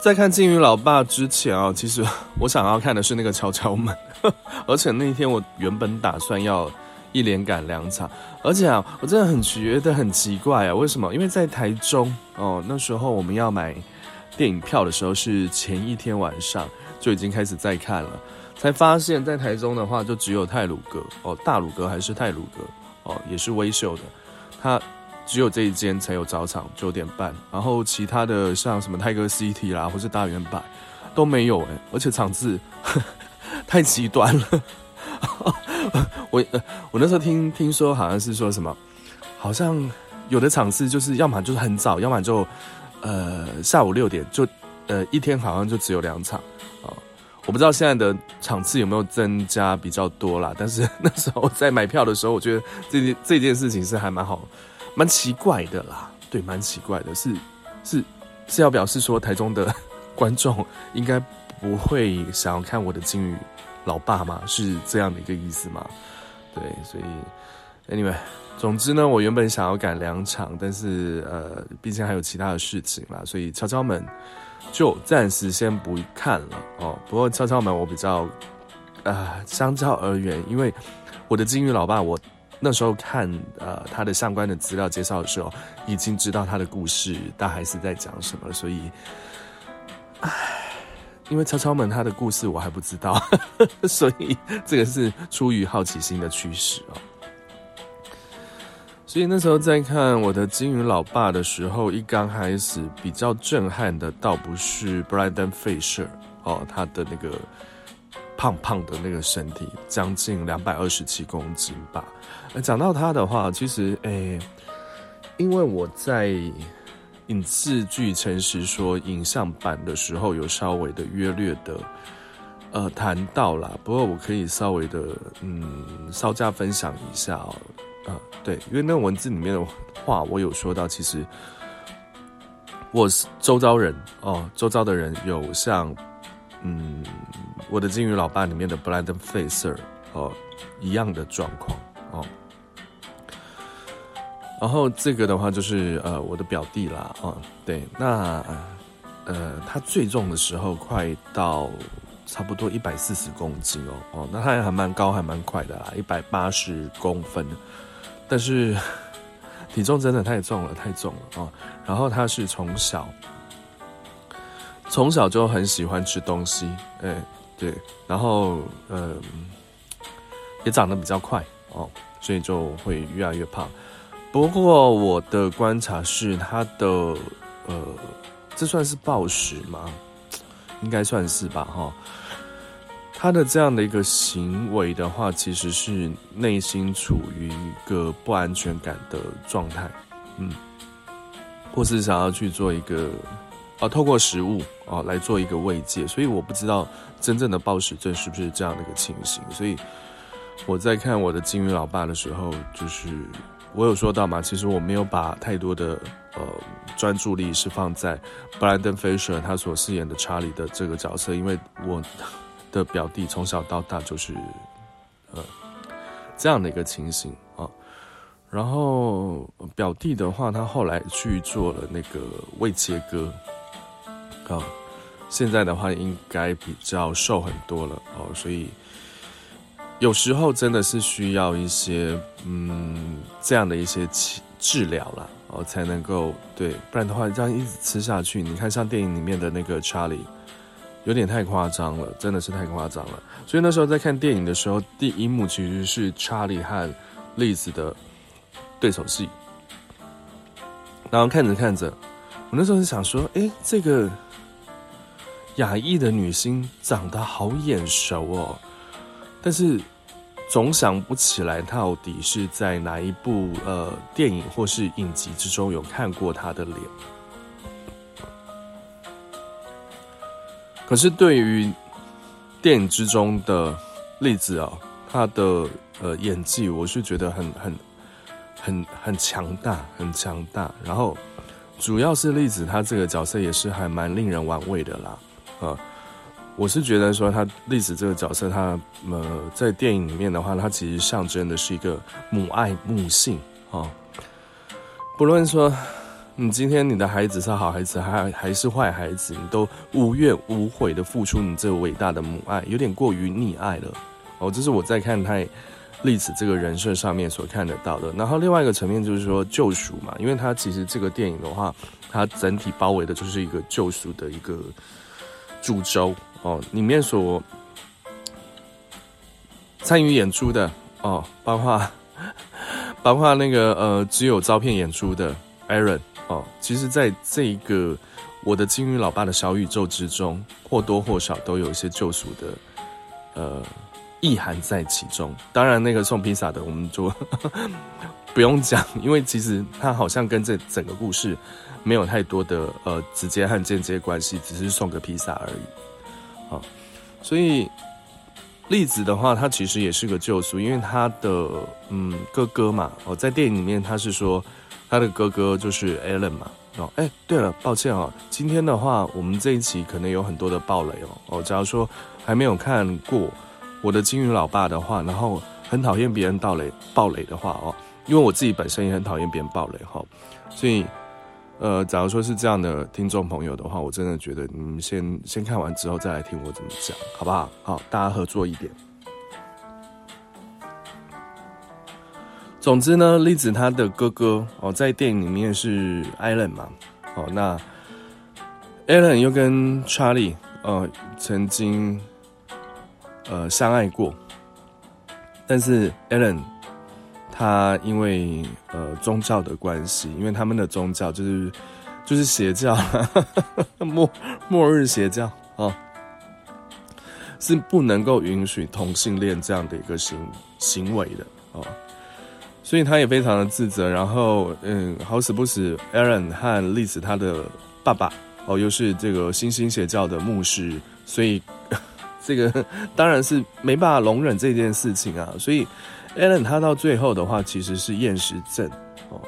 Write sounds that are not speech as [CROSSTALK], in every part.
在看《鯨魚老爸》之前啊，其實我想要看的是那個《敲敲門》，而且那一天我原本打算要一連趕兩場，而且啊，我真的很覺得很奇怪啊，為什麼？因為在台中哦，那時候我們要買電影票的時候，是前一天晚上就已經開始在看了，才發現，在台中的話就只有太魯閣哦，大魯閣還是太魯閣哦，也是威秀的，他。只有這一間才有早場九點半，然後其他的像什麼 Tiger City 啦，或是大遠百都沒有哎、欸，而且場次呵呵太極端了。 [LAUGHS] 我我那時候聽聽說好像是說什麼，好像有的場次就是要麼就是很早，要麼就呃下午六點，就呃一天好像就只有兩場啊、哦。我不知道現在的場次有沒有增加比較多啦，但是那時候在買票的時候，我覺得這件這件事情是還蠻好。蠻奇怪的啦，對，蠻奇怪的是，是是要表示說台中的觀眾應該不會想要看我的鯨魚老爸嗎？是這樣的一個意思嗎？對，所以 anyway，總之呢，我原本想要趕兩場，但是呃，畢竟還有其他的事情嘛，所以敲敲門就暫時先不看了哦。不過敲敲門我比較呃，相較而言，因為我的鯨魚老爸我。那時候看呃他的相關的資料介紹的時候，已經知道他的故事大概是在講什麼，所以，唉，因為超超們他的故事我還不知道，呵呵所以這個是出於好奇心的驅使哦。所以那時候在看我的鯨魚老爸的時候，一剛開始比較震撼的倒不是 Brendan Fraser 哦，他的那個。胖胖的那個身體，將近兩百二十七公斤吧。講到他的話，其實，誒、欸，因為我在影視劇誠實說影像版的時候，有稍微的約略的，呃，談到啦。不過我可以稍微的，嗯，稍加分享一下哦，啊，對，因為那個文字裡面的話，我有說到，其實我是周遭人哦，周遭的人有像。嗯，我的鯨魚老爸裡面的布蘭登費舍爾哦，一樣的狀況哦。然後這個的話就是呃我的表弟啦哦，對，那呃他最重的時候快到差不多一百四十公斤哦哦，那他也還蠻高還蠻快的啦，一百八十公分，但是體重真的太重了太重了，啊、哦。然後他是從小。從小就很喜歡吃東西，哎，對，然後，呃，也長得比較快哦，所以就會越來越胖。不過我的觀察是，他的，呃，這算是暴食嗎？應該算是吧，哈。他的這樣的一個行為的話，其實是內心處於一個不安全感的狀態，嗯，或是想要去做一個。啊，透過食物啊來做一個慰藉，所以我不知道真正的暴食症是不是這樣的一個情形。所以我在看我的鯨魚老爸的時候，就是我有說到嘛，其實我沒有把太多的呃專注力是放在布蘭登·費雪他所飾演的查理的這個角色，因為我的表弟從小到大就是呃這樣的一個情形啊。然後表弟的話，他後來去做了那個胃切割。啊，現在的話應該比較瘦很多了哦，所以有時候真的是需要一些嗯這樣的一些治療了哦，才能夠對，不然的話這樣一直吃下去，你看像電影裡面的那個查理，有點太誇張了，真的是太誇張了。所以那時候在看電影的時候，第一幕其實是查理和 Liz 的對手戲，然後看着看着，我那時候就想說，誒、欸，這個。亞裔的女星長得好眼熟哦，但是總想不起來到底是在哪一部呃電影或是影集之中有看過她的臉。可是對於電影之中的 Liz 啊、哦，她的呃演技我是覺得很很很很強大，很強大。然後主要是 Liz，她這個角色也是還蠻令人玩味的啦。啊，我是覺得說他 Liz 這個角色他、他呃，在電影裡面的話，他其實象徵的是一個母愛母性啊，不論說你今天你的孩子是好孩子還還是壞孩子，你都無怨無悔的付出你這個偉大的母愛，有點過於溺愛了哦。這是我在看他 Liz 這個人設上面所看得到的。然後另外一個層面就是說救贖嘛，因為他其實這個電影的話，它整體包圍的就是一個救贖的一個。主軸哦，裡面所參與演出的哦，包括包括那個呃，只有照片演出的 Aaron 哦，其實在這一個我的鯨魚老爸的小宇宙之中，或多或少都有一些救贖的呃意涵在其中。當然，那個送披薩的我們就呵呵不用講，因為其實他好像跟這整個故事。沒有太多的呃直接和間接關係，只是送個披薩而已，好、哦，所以 Liz 的話，他其實也是個救贖，因為他的嗯哥哥嘛，哦，在電影裡面他是說他的哥哥就是 Alan 嘛，哦，哎，對了，抱歉哦，今天的話，我們這一期可能有很多的爆雷哦，哦，假如說還沒有看過我的鯨魚老爸的話，然後很討厭別人爆雷爆雷的話哦，因為我自己本身也很討厭別人爆雷哈、哦，所以。呃，假如說是這樣的聽眾朋友的話，我真的覺得你們先先看完之後再來聽我怎麼講，好不好？好，大家合作一點。總之呢，Liz 她的哥哥哦，在電影裡面是 Alan 嘛，哦，那 Alan 又跟 Charlie 呃曾經呃相愛過，但是 Alan。他因為呃宗教的關係，因為他們的宗教就是就是邪教呵呵，末末日邪教啊、哦，是不能夠允許同性戀這樣的一個行行為的啊、哦，所以他也非常的自責。然後嗯，好死不死，艾倫和麗茲他的爸爸哦，又是這個新興邪教的牧師，所以這個當然是沒辦法容忍這件事情啊，所以。a l n 他到最後的話，其實是厭食症哦，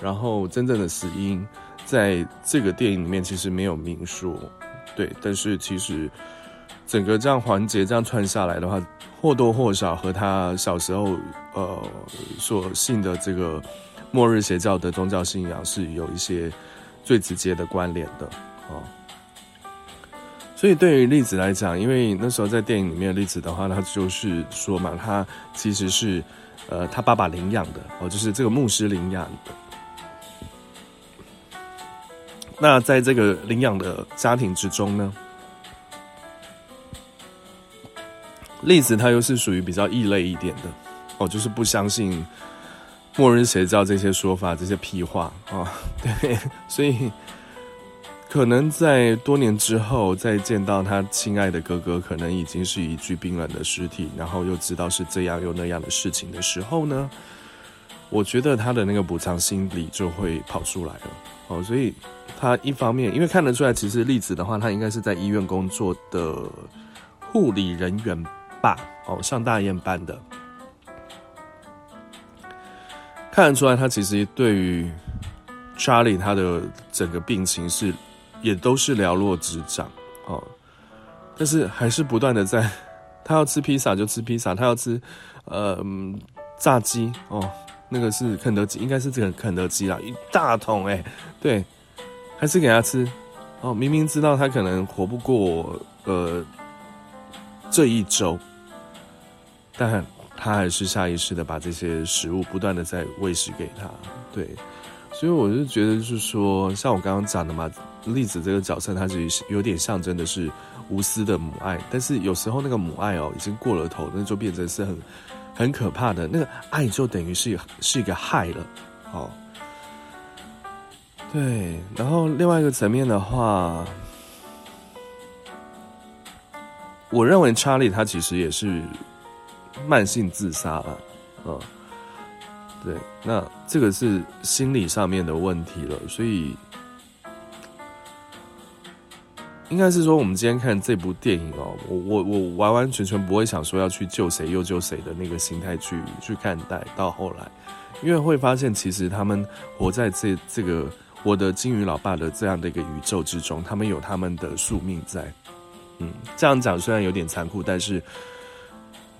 然後真正的死因，在這個電影裡面其實沒有明說，對，但是其實整個這樣環節這樣串下來的話，或多或少和他小時候呃所信的這個末日邪教的宗教信仰是有一些最直接的關聯的哦。呃所以對於 Liz 來講，因為那時候在電影裡面的 Liz 的話，他就是說嘛，他其實是，呃，他爸爸領養的哦，就是這個牧師領養的。那在這個領養的家庭之中呢，Liz 他又是屬於比較異類一點的哦，就是不相信、末日邪教這些說法，這些屁話啊、哦，對，所以。可能在多年之後再見到他親愛的哥哥，可能已經是一具冰冷的屍體，然後又知道是這樣又那樣的事情的時候呢，我覺得他的那個補償心理就會跑出來了。哦，所以他一方面，因為看得出來，其實 Liz 的話，他應該是在醫院工作的護理人員吧。哦，上大夜班的，看得出來，他其實對於 Charlie 他的整個病情是，也都是瞭若指掌，哦，但是還是不斷的在，他要吃披薩就吃披薩，他要吃，嗯、呃、炸雞哦，那個是肯德基，應該是這個肯德基啦，一大桶誒。對，還是給他吃，哦，明明知道他可能活不過呃這一周，但他還是下意識的把這些食物不斷的在餵食給他，對，所以我就覺得就是說，像我剛剛講的嘛。Liz 這個角色，它其實有點象徵的是無私的母愛，但是有時候那個母愛哦，已經過了頭，那就變成是很很可怕的。那個愛就等於是是一個害了，哦。對，然後另外一個層面的話，我認為查理他其實也是慢性自殺吧，嗯，對，那這個是心理上面的問題了，所以。應該是說，我們今天看這部電影哦、喔，我我我完完全全不會想說要去救誰又救誰的那個心態去去看待。到後來，因為會發現，其實他們活在這這個我的鯨魚老爸的這樣的一個宇宙之中，他們有他們的宿命在。嗯，這樣講雖然有點殘酷，但是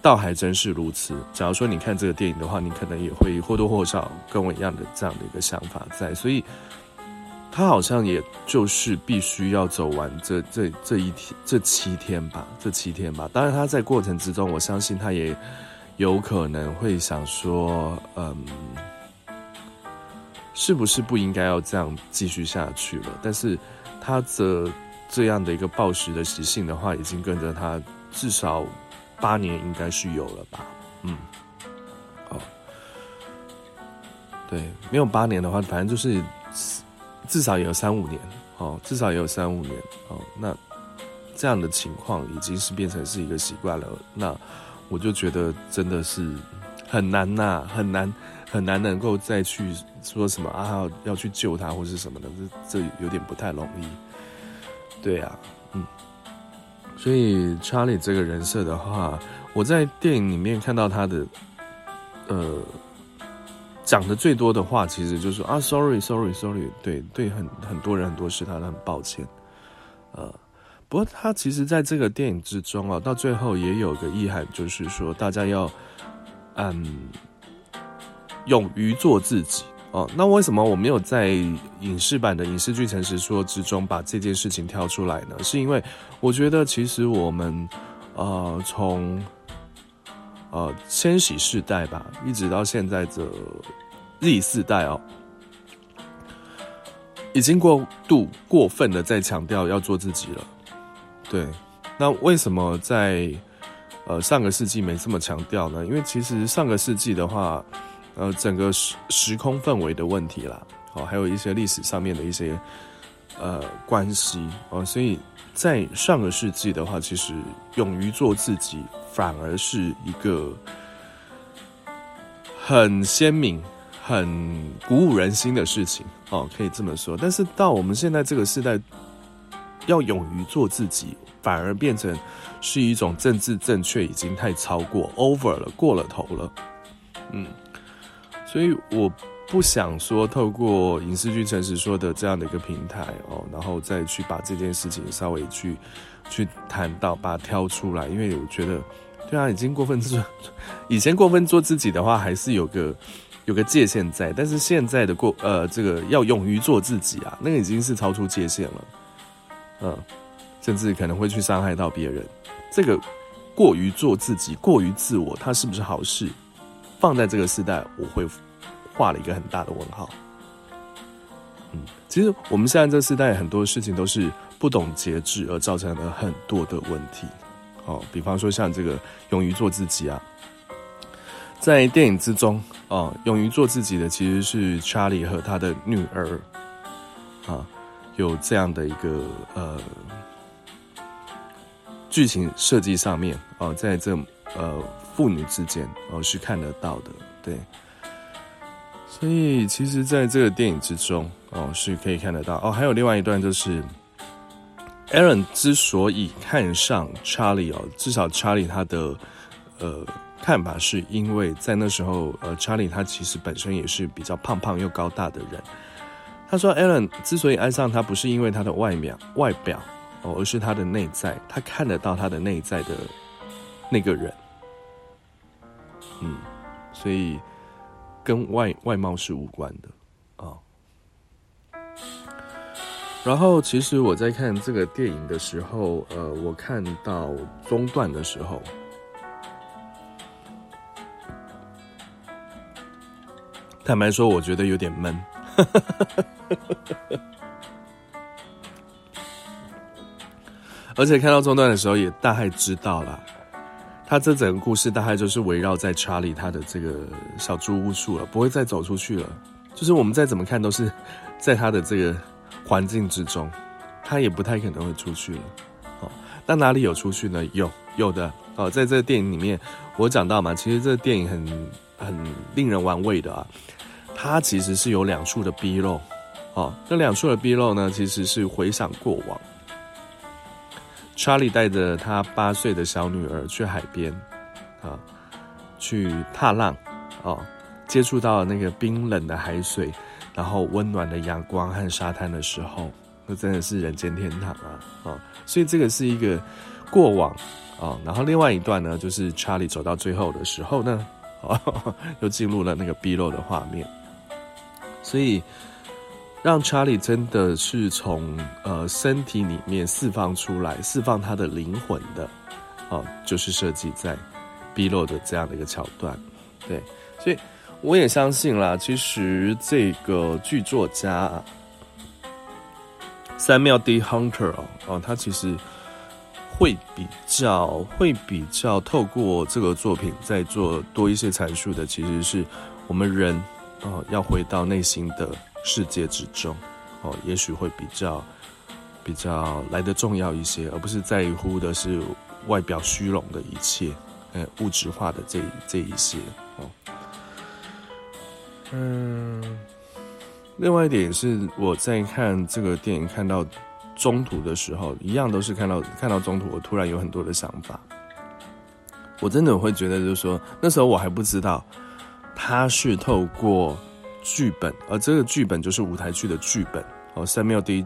倒還真是如此。假如說你看這個電影的話，你可能也會或多或少跟我一樣的這樣的一個想法在，所以。他好像也就是必須要走完這這這一天這七天吧，這七天吧。當然，他在過程之中，我相信他也有可能會想說，嗯，是不是不應該要這樣繼續下去了？但是，他的這樣的一個暴食的習性的話，已經跟着他至少八年，應該是有了吧？嗯，哦，對，沒有八年的話，反正就是。至少也有三五年，哦，至少也有三五年，哦，那這樣的情況已經是變成是一個習慣了，那我就覺得真的是很難吶、啊，很難，很難能夠再去說什麼啊，要去救他或是什麼的，這這有點不太容易，對啊。嗯，所以 Charlie 這個人設的話，我在電影裡面看到他的，呃。講的最多的話，其實就是啊，sorry，sorry，sorry，sorry, sorry 對對，很很多人很多事，他都很抱歉，呃，不過他其實在這個電影之中啊，到最後也有個意涵，就是說大家要嗯，勇於做自己哦、呃。那為什麼我沒有在影視版的影視劇《誠實說》之中把這件事情挑出來呢？是因為我覺得其實我們呃從。呃，千禧世代吧，一直到現在的 Z 世代哦，已經過度過分的在強調要做自己了。對，那為什麼在呃上個世紀沒這麼強調呢？因為其實上個世紀的話，呃，整個時時空氛圍的問題啦，哦，還有一些歷史上面的一些。呃，關係哦，所以在上個世紀的話，其實勇於做自己反而是一個很鮮明、很鼓舞人心的事情哦，可以這麼說。但是到我們現在這個時代，要勇於做自己，反而變成是一種政治正確，已經太超過 over 了，過了頭了。嗯，所以我。不想說透過影視劇誠實說的這樣的一個平台哦，然後再去把這件事情稍微去去談到，把它挑出來，因為我覺得，對啊，已經過分做，以前過分做自己的話，還是有個有個界限在，但是現在的過呃這個要勇於做自己啊，那個已經是超出界限了，嗯，甚至可能會去傷害到別人，這個過於做自己，過於自我，它是不是好事？放在這個時代，我會。畫了一個很大的問號，嗯，其實我們現在這世代很多事情都是不懂節制而造成的很多的問題，哦，比方說像這個勇於做自己啊，在電影之中啊，哦、勇於做自己的其實是查理和他的女兒，啊、哦，有這樣的一個呃劇情設計上面啊、哦，在這呃父女之間哦是看得到的，對。所以，其實，在這個電影之中，哦，是可以看得到哦。還有另外一段，就是，艾倫之所以看上查理哦，至少查理他的，呃，看法是因為在那時候，呃，查理他其實本身也是比較胖胖又高大的人。他說，艾倫之所以愛上他，不是因為他的外表，外表哦，而是他的內在，他看得到他的內在的那個人。嗯，所以。跟外外貌是無關的啊、哦。然後，其實我在看這個電影的時候，呃，我看到中段的時候，坦白說，我覺得有點悶， [LAUGHS] 而且看到中段的時候，也大概知道了。他這整個故事大概就是圍繞在查理他的這個小豬屋處了，不會再走出去了。就是我們再怎麼看都是在他的這個環境之中，他也不太可能會出去了。好、哦，那哪裡有出去呢？有有的哦，在這個電影裡面，我講到嘛，其實這個電影很很令人玩味的啊。它其實是有兩處的 B 漏。哦，這兩處的 B 漏呢，其實是回想過往。Charlie 帶着他八歲的小女兒去海邊，啊，去踏浪，啊，接觸到那個冰冷的海水，然後溫暖的陽光和沙灘的時候，那真的是人間天堂啊！啊，所以這個是一個過往，啊，然後另外一段呢，就是 Charlie 走到最後的時候呢，啊，又進入了那個 B-roll 的畫面，所以。讓查理真的是從呃身體裡面釋放出來，釋放他的靈魂的，啊、哦，就是設計在 below 的這樣的一個橋段，對，所以我也相信啦，其實這個劇作家啊，Samuel D. Hunter 啊、哦哦，他其實會比較會比較透過這個作品再做多一些闡述的，其實是我們人啊、哦、要回到內心的。世界之中，哦，也許會比較比較來得重要一些，而不是在乎的是外表虛榮的一切，嗯、欸，物質化的這一這一些，哦，嗯，另外一點是我在看這個電影看到中途的時候，一樣都是看到看到中途，我突然有很多的想法，我真的會覺得就是說那時候我還不知道他是透過。劇本，而、呃、這個劇本就是舞台劇的劇本哦，Samuel D.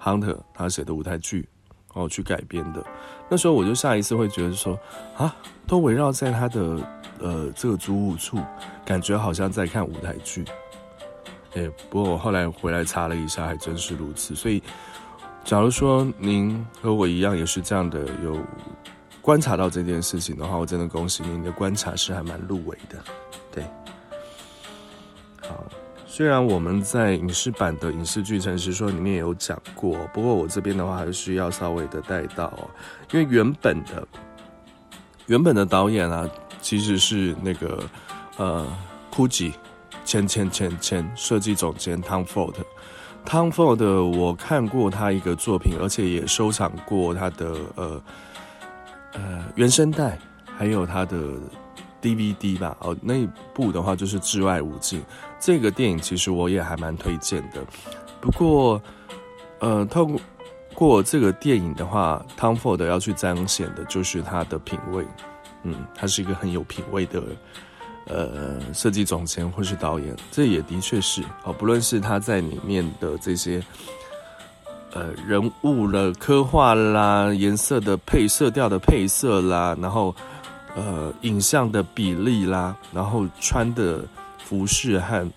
Hunter 他寫的舞台劇哦，去改編的。那時候我就下意識會覺得說，啊，都圍繞在他的呃這個租屋處，感覺好像在看舞台劇。哎、欸，不過我後來回來查了一下，還真是如此。所以，假如說您和我一樣也是這樣的有觀察到這件事情的話，我真的恭喜您，您的觀察是還蠻入微的，對。啊，雖然我們在影視版的影視劇誠實說裡面也有講過，不過我這邊的話還是需要稍微的帶到，因為原本的原本的導演啊其實是那個呃，Gucci，前前前前設計總監 Tom Ford，Tom Ford 我看過他一個作品，而且也收藏過他的呃呃原聲帶，還有他的。DVD 吧，哦，那一部的話就是《至愛無盡》這個電影，其實我也還蠻推薦的。不過，呃，透過這個電影的話，Tom Ford 要去彰顯的就是他的品味。嗯，他是一個很有品味的，呃，設計總監或是導演，這也的確是哦。不論是他在裡面的這些，呃，人物的刻畫啦，顏色的配色調的配色啦，然後。呃，影像的比例啦，然後穿的服飾和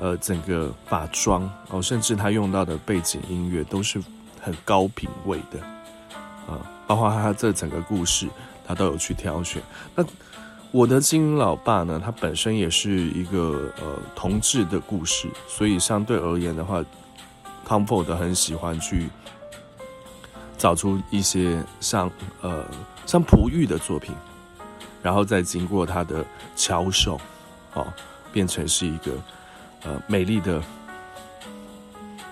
呃整個髮妝哦，甚至他用到的背景音樂都是很高品位的啊，呃，包括他這整個故事，他都有去挑選。那《我的鯨老爸》呢，他本身也是一個呃同志的故事，所以相對而言的話，Tom Ford 很喜歡去找出一些像呃像璞玉的作品。然後再經過他的巧手，哦，變成是一個呃美麗的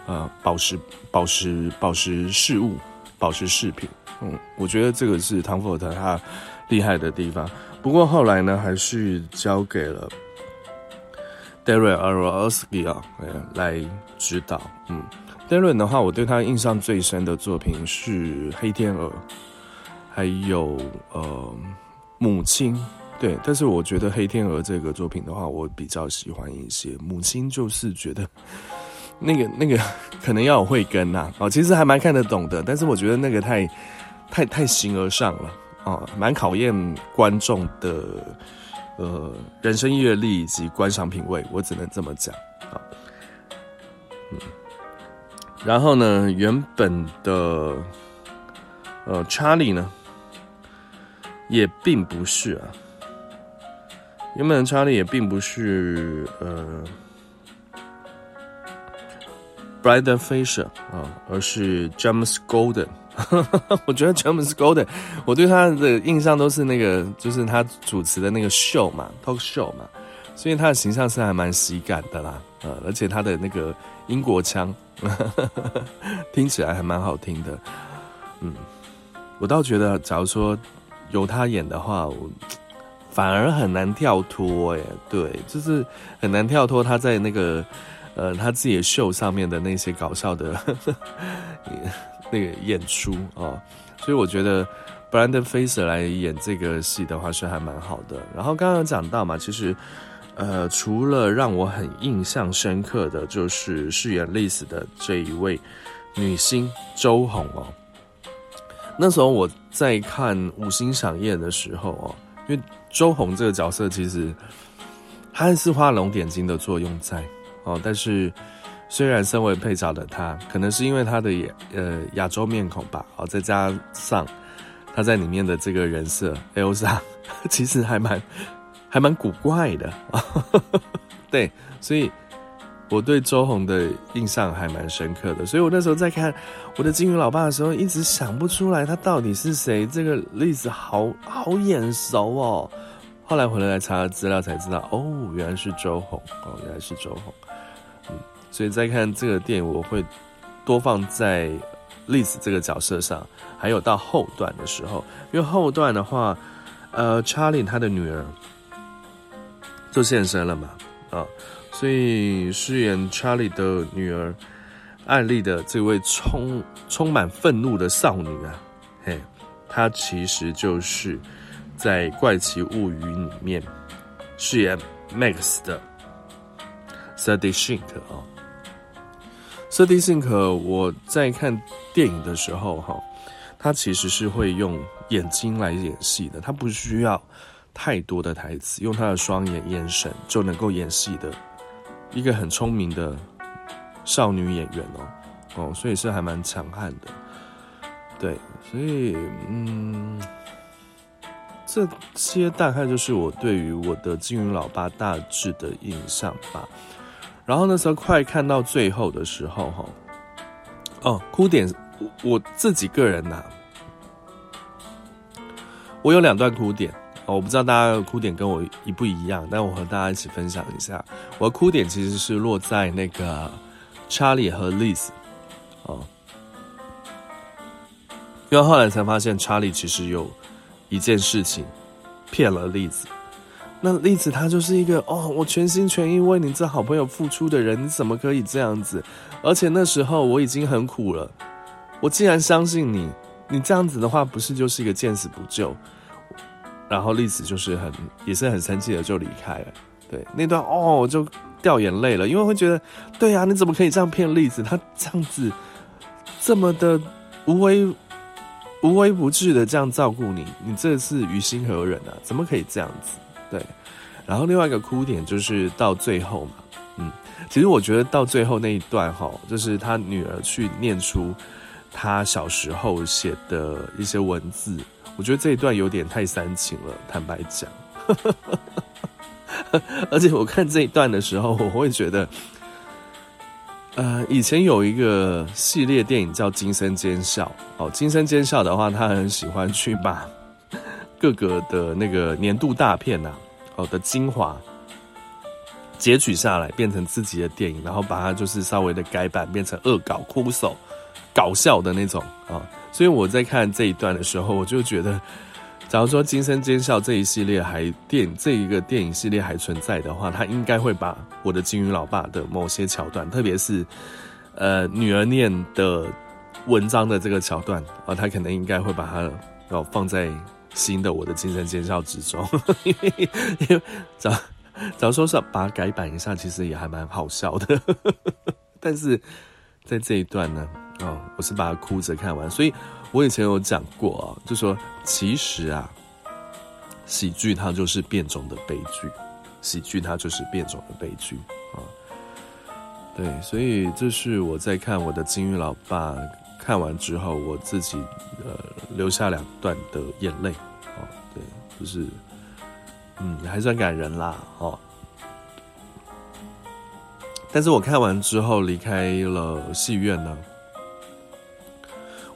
呃寶石、寶石、寶石飾物、寶石飾品。嗯，我覺得這個是唐佛特他他厲害的地方。不過後來呢，還是交給了 Darren Aronofsky 啊來指導。嗯，Darren 的話，我對他印象最深的作品是《黑天鵝》，還有呃。母親，對，但是我覺得《黑天鵝》這個作品的話，我比較喜歡一些。母親就是覺得，那個那個可能要有慧根吶、啊，啊、哦，其實還蠻看得懂的。但是我覺得那個太太太形而上了，啊、哦，蠻考驗觀眾的呃人生閱歷以及觀賞品味。我只能這麼講，啊，嗯。然後呢，原本的呃 Charlie 呢？也並不是啊，原本查理也並不是呃 Brendan Fraser 啊，而是 James Golden。 [LAUGHS] 我覺得 James Golden，我對他的印象都是那個，就是他主持的那個 show 嘛，talk show 嘛，所以他的形象是還蠻喜感的啦，呃，而且他的那個英國腔 [LAUGHS] 聽起來還蠻好聽的，嗯，我倒覺得，假如說。由他演的話我，反而很難跳脫誒，對，就是很難跳脫他在那個，呃，他自己的秀上面的那些搞笑的， [LAUGHS] 那個演出啊，哦，所以我覺得 Brendan Fraser 來演這個戲的話是還蠻好的。然後剛剛有講到嘛，其實，呃，除了讓我很印象深刻的，就是飾演 Liz 的這一位女星周洪哦。那時候我在看《五星饗魘》的時候哦，因為周洪這個角色其實她是畫龍點睛的作用在哦，但是雖然身為配角的她，可能是因為她的呃亞洲面孔吧哦，再加上他在裡面的這個人設 Elsa，其實還蠻還蠻古怪的， [LAUGHS] 對，所以。我對周洪的印象還蠻深刻的，所以我那時候在看我的鯨魚老爸的時候，一直想不出來他到底是誰。這個 Liz 好好眼熟哦，後來回來查資料才知道，哦，原來是周洪，哦，原來是周洪。嗯，所以在看這個電影，我會多放在 Liz 這個角色上，還有到後段的時候，因為後段的話，呃，查理他的女兒就現身了嘛，啊。所以飾演 Charlie 的女兒艾麗的這位充充滿憤怒的少女啊，嘿，她其實就是在《怪奇物語》裡面飾演 Max 的 Sadie Sink 啊。Sadie Sink 我在看電影的時候哈，他、哦、其實是會用眼睛來演戲的，他不需要太多的台詞，用他的雙眼眼神就能夠演戲的。一個很聰明的少女演員哦，哦，所以是還蠻強悍的，對，所以嗯，這些大概就是我對於我的《鯨魚老爸》大致的印象吧。然後那時候快看到最後的時候哦，哦，哭點，我自己個人吶、啊，我有兩段哭點。哦、我不知道大家的哭點跟我一不一樣，但我和大家一起分享一下，我的哭點其實是落在那個查理和 Liz 哦，因為後來才發現查理其實有一件事情騙了 Liz，那 Liz 她就是一個哦，我全心全意為你這好朋友付出的人，你怎麼可以這樣子？而且那時候我已經很苦了，我竟然相信你，你這樣子的話，不是就是一個見死不救？然後 Liz 就是很也是很生氣的就離開了。對那段哦就掉眼淚了，因為會覺得，對呀、啊，你怎麼可以這樣騙 Liz？她這樣子，這麼的無微無微不至的這樣照顧你，你這是於心何忍啊？怎麼可以這樣子？對，然後另外一個哭點就是到最後嘛，嗯，其實我覺得到最後那一段哈、哦，就是他女兒去念書。他小時候寫的一些文字，我覺得這一段有點太煽情了。坦白講， [LAUGHS] 而且我看這一段的時候，我會覺得，呃、以前有一個系列電影叫《驚聲尖笑》哦，《驚聲尖笑》的話，他很喜歡去把各個的那個年度大片吶、啊，好、哦、的精華截取下來，變成自己的電影，然後把它就是稍微的改版，變成惡搞、枯手。搞笑的那種啊，所以我在看這一段的時候，我就覺得，假如說《驚聲尖笑》這一系列還電影這一個電影系列還存在的話，他應該會把我的鯨魚老爸的某些橋段，特別是呃女兒念的文章的這個橋段啊，他可能應該會把它要放在新的《我的驚聲尖笑》之中，因 [LAUGHS] 為，因為，假如說是要把它改版一下，其實也還蠻好笑的， [LAUGHS] 但是。在這一段呢，啊、哦、我是把它哭着看完，所以我以前有講過啊，就說其實啊，喜劇它就是變種的悲劇，喜劇它就是變種的悲劇啊、哦，對，所以這是我在看我的《金玉老爸》看完之後，我自己呃流下兩段的眼淚，哦，對，就是，嗯，還算感人啦，哦。但是我看完之後離開了戲院呢。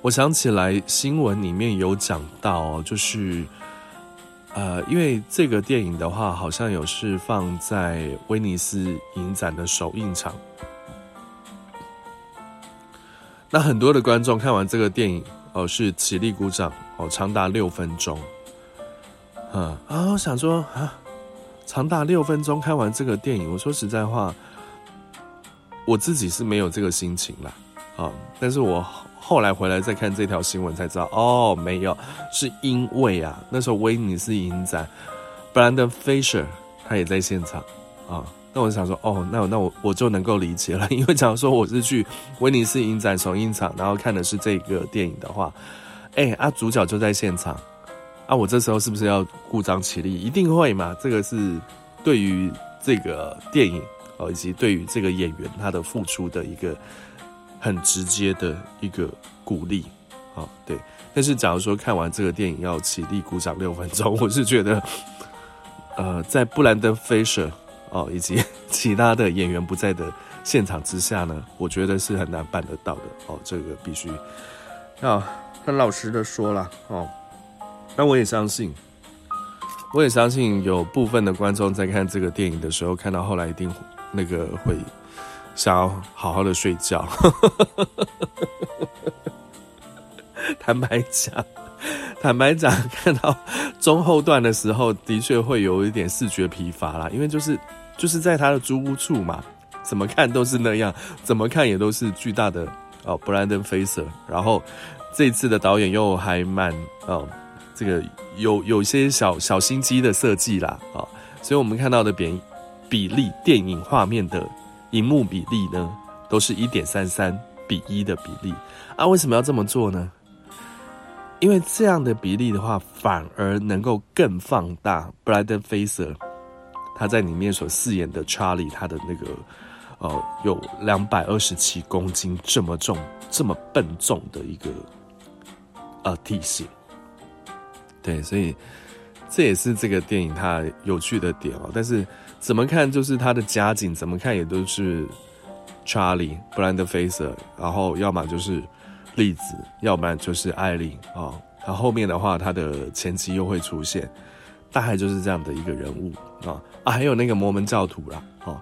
我想起來新聞裡面有講到，就是呃，因為這個電影的話，好像有是放在威尼斯影展的首映場。那很多的觀眾看完這個電影，哦、呃，是起立鼓掌，哦、呃，長達六分鐘、嗯。啊，我想說啊，長達六分鐘看完這個電影，我說實在話。我自己是沒有這個心情了，啊、嗯！但是我後來回來再看這條新聞才知道，哦，沒有，是因為啊，那時候威尼斯影展，布蘭登·費雪他也在現場，啊、嗯！那我想說，哦，那我那我我就能夠理解了，因為假如說我是去威尼斯影展首映場，然後看的是這個電影的話，哎、欸，啊主角就在現場，啊，我這時候是不是要鼓掌起立？一定會嘛。這個是對於這個電影。以及對於這個演員他的付出的一個很直接的一個鼓勵，啊、哦，對。但是假如說看完這個電影要起立鼓掌六分鐘，我是覺得，呃，在布蘭登·菲舍哦以及其他的演員不在的現場之下呢，我覺得是很難辦得到的。哦，這個必須要很老實的說了，哦。那我也相信，我也相信有部分的觀眾在看這個電影的時候，看到後來一定。那個會想要好好的睡覺。 [LAUGHS] 坦白講，坦白講，看到中後段的時候，的確會有一點視覺疲乏啦，因為就是就是在他的租屋處嘛，怎麼看都是那樣，怎麼看也都是巨大的哦，布蘭登·菲舍。然後這次的導演又還蠻哦，這個有有一些小小心機的設計啦啊、哦，所以我們看到的貶。比例，電影畫面的熒幕比例呢，都是一點三三比一的比例啊。為什麼要這麼做呢？因為這樣的比例的話，反而能夠更放大布萊登·費舍他在裡面所飾演的查理，他的那個呃，有兩百二十七公斤這麼重，這麼笨重的一個呃體型。對，所以。這也是這個電影它有趣的點哦，但是怎麼看就是它的家境，怎麼看也都是 Charlie Brendan Fraser， [NOISE] 然後要麼就是麗茲，要不然就是艾琳啊、哦，然後後面的話他的前妻又會出現，大概就是這樣的一個人物、哦、啊啊，還有那個摩門教徒啦啊。哦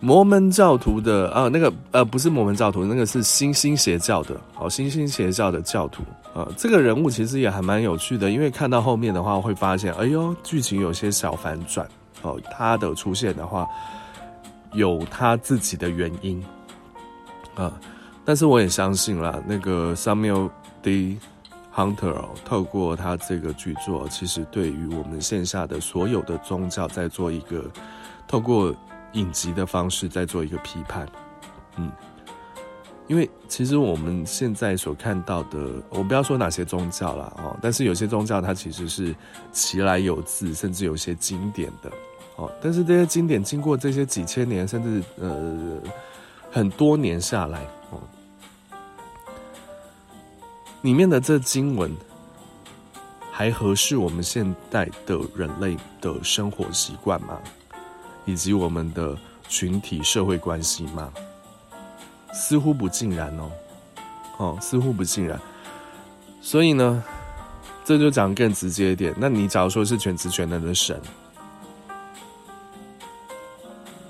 摩門教徒的啊，那個呃，不是摩門教徒，那個是新興邪教的，哦，新興邪教的教徒啊。這個人物其實也還蠻有趣的，因為看到後面的話會發現，哎呦，劇情有些小反轉哦。他的出現的話，有他自己的原因啊。但是我也相信啦，那個 Samuel D. Hunter，哦，透過他這個劇作，其實對於我們線下的所有的宗教，在做一個透過。影集的方式再做一個批判，嗯，因為其實我們現在所看到的，我不要說哪些宗教啦，哦，但是有些宗教它其實是其來有自，甚至有些經典的哦，但是這些經典經過這些幾千年，甚至呃很多年下來哦，裡面的這經文還合適我們現代的人類的生活習慣嗎？以及我們的群體社會關係嘛，似乎不盡然哦，哦，似乎不盡然。所以呢，這就講更直接一點。那你假如說是全知全能的神，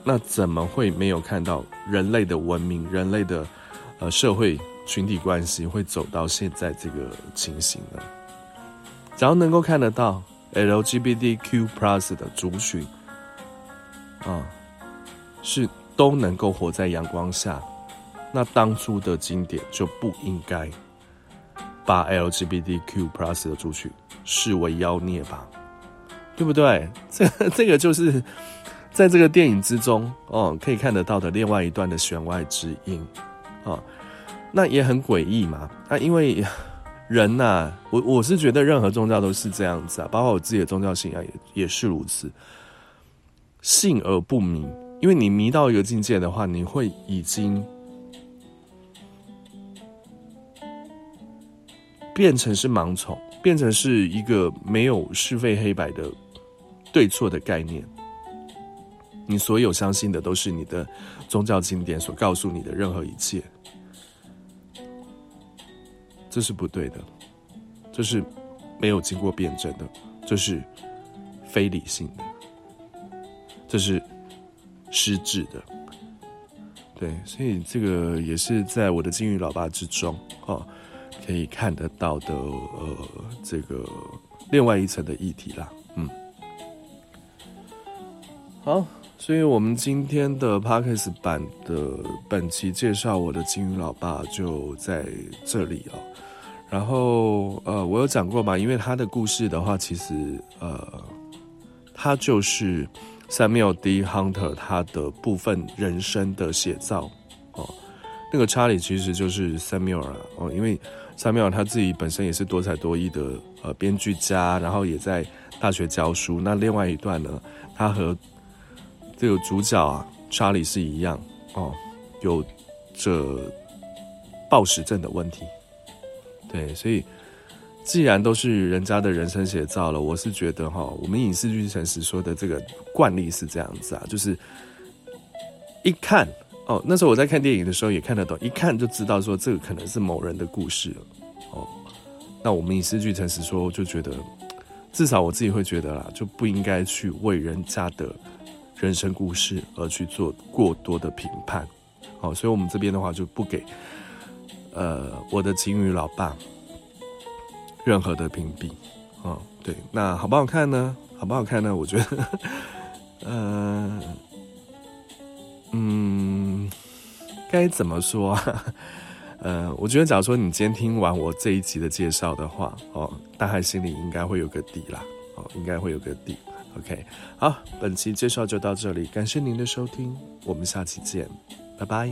那怎麼會沒有看到人類的文明、人類的呃社會群體關係會走到現在這個情形呢？只要能夠看得到 LGBTQ plus 的族群。啊、嗯，是都能夠活在陽光下，那當初的經典就不應該把 LGBTQ+ 的族群，視為妖孽吧？對不對？這個、這個就是在這個電影之中哦、嗯，可以看得到的另外一段的弦外之音啊、嗯。那也很詭異嘛。啊，因為人吶、啊，我我是覺得任何宗教都是這樣子啊，包括我自己的宗教信仰也也是如此。信而不迷，因為你迷到一個境界的話，你會已經變成是盲從，變成是一個沒有是非黑白的對錯的概念。你所有相信的都是你的宗教經典所告訴你的任何一切，這是不對的，這是沒有經過辯證的，這是非理性的。就是失智的，對，所以這個也是在我的鯨魚老爸之中哦，可以看得到的呃，這個另外一層的議題啦，嗯。好，所以我們今天的 Podcast 版的本期介紹我的鯨魚老爸就在這裡了，哦。然後呃，我有講過嘛，因為他的故事的話，其實呃，他就是。Samuel D. Hunter 他的部分人生的寫照哦，那個查理其實就是 Samuel 啦、啊、哦，因為 Samuel 他自己本身也是多才多藝的呃編劇家，然後也在大學教書。那另外一段呢，他和這個主角啊查理是一樣哦，有着暴食症的問題，對，所以。既然都是人家的人生寫照了，我是覺得哈、哦，我們影視劇誠實說的這個慣例是這樣子啊，就是一看哦，那時候我在看電影的時候也看得懂，一看就知道說這個可能是某人的故事了哦。那我們影視劇誠實說就覺得，至少我自己會覺得啦，就不應該去為人家的人生故事而去做過多的評判哦。所以我們這邊的話就不給，呃，我的鯨魚老爸。任何的屏蔽，哦，對，那好不好看呢？好不好看呢？我覺得，嗯、呃，嗯，該怎麼說？呃，我覺得，假如說你今天聽完我這一集的介紹的話，哦，大概心裡應該會有個底啦，哦，應該會有個底。OK，好，本期介紹就到這裡，感謝您的收聽，我們下期見，拜拜。